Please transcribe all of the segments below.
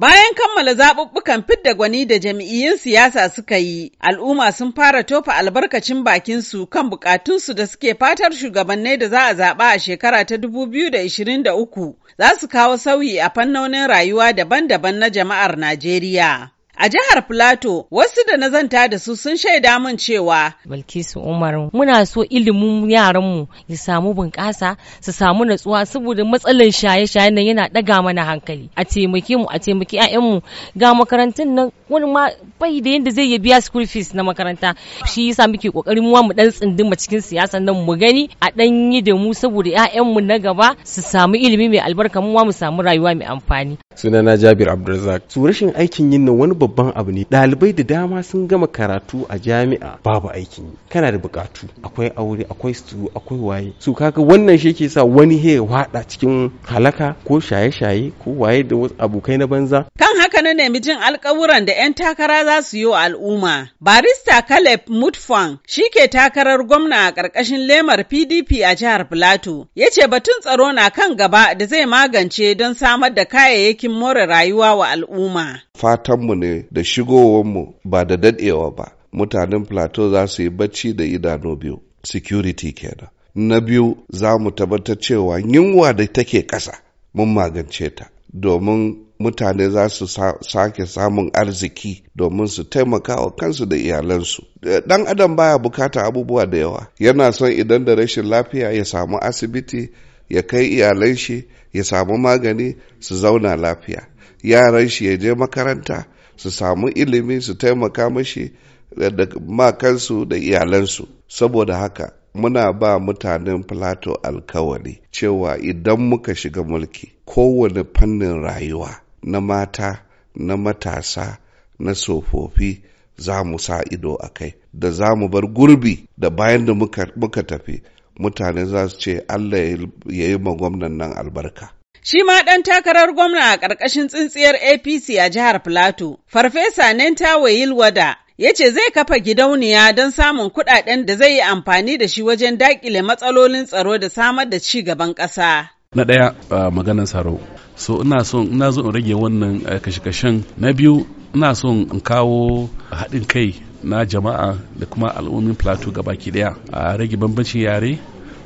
Bayan kammala zaɓuɓɓukan fidda gwani da jam'iyyun siyasa suka yi, al'umma sun fara tofa albarkacin bakinsu kan bukatunsu da suke fatar shugabannai da za a zaɓa a shekara ta 2023 za su kawo sauyi a fannonin rayuwa daban-daban na jama'ar Najeriya. A jihar Plateau, wasu da na zanta da su sun shaida min cewa. Bilkisu Umar, muna so ilimin yaranmu ya samu bunƙasa, su samu natsuwa saboda matsalar shaye-shaye nan yana ɗaga mana hankali. A taimake mu, a taimaki 'ya'yanmu ga makarantun nan wani ma bai da yadda zai ya biya school fees na makaranta. Shi yasa muke ƙoƙarin mu mu ɗan mu cikin siyasa nan mu gani a ɗan yi da mu saboda 'ya'yanmu na gaba su samu ilimi mai albarka mu mu samu rayuwa mai amfani. Sunana Jabir Abdulrazak. Su rashin aikin yin nan wani babban abu ne ɗalibai da dama sun gama karatu a jami'a babu aikin yi kana da bukatu akwai aure akwai su akwai waye su kaga wannan shi ke sa wani he wada cikin halaka ko shaye-shaye ko waye da wasu abokai na banza kan haka na nemi jin alkawuran da 'yan takara za su yi wa al'umma barista caleb mutfang shi ke takarar gwamna a ƙarƙashin lemar pdp a jihar plateau yace batun tsaro na kan gaba da zai magance don samar da kayayyakin more rayuwa wa al'umma fatanmu ne da shigowanmu ba da dadewa ba mutanen plateau za su yi bacci da idanu biyu security kenan na biyu za mu tabbatar cewa yunwa da take ƙasa mun magance ta domin mutane za su sake samun arziki domin su taimaka wa kansu da iyalansu. Dan eh, adam baya bukata abubuwa da yawa, yana son idan da rashin lafiya ya samu asibiti, ya kai iyalan shi, ya samu magani su zauna lafiya. yaran shi ya je makaranta su samu ilimi su taimaka mashi da makansu da iyalansu saboda haka muna ba mutanen plato alkawari cewa idan muka shiga mulki kowane fannin rayuwa na mata na matasa na tsofaffi za mu sa ido a kai da za mu bar gurbi da bayan da muka tafi mutane za su ce allah ya yi ma gwamnan nan albarka Shi ma ɗan takarar gwamna a ƙarƙashin tsintsiyar APC a jihar Filato, Farfesa Nentawe Yilwada, ya ce zai kafa gidauniya don samun kuɗaɗen da zai yi amfani da shi wajen daƙile matsalolin tsaro da samar da ci gaban ƙasa. Na ɗaya maganar tsaro, so ina so ina zo in rage wannan kashe-kashen. Na biyu ina so in kawo haɗin kai na jama'a da kuma al'ummin plateau gabaki ɗaya a rage bambancin yare,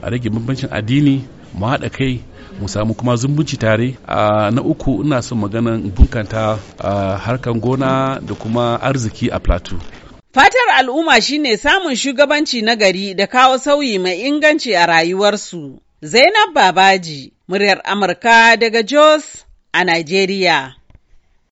a rage bambancin addini, mu haɗa kai mu samu kuma zumbunci tare na uku ina son maganan bunkanta harkan gona da kuma arziki a plateau Fatar al'umma shine samun shugabanci na gari da kawo sauyi mai inganci a rayuwarsu. Zainab Babaji, muryar Amurka daga Jos a Najeriya.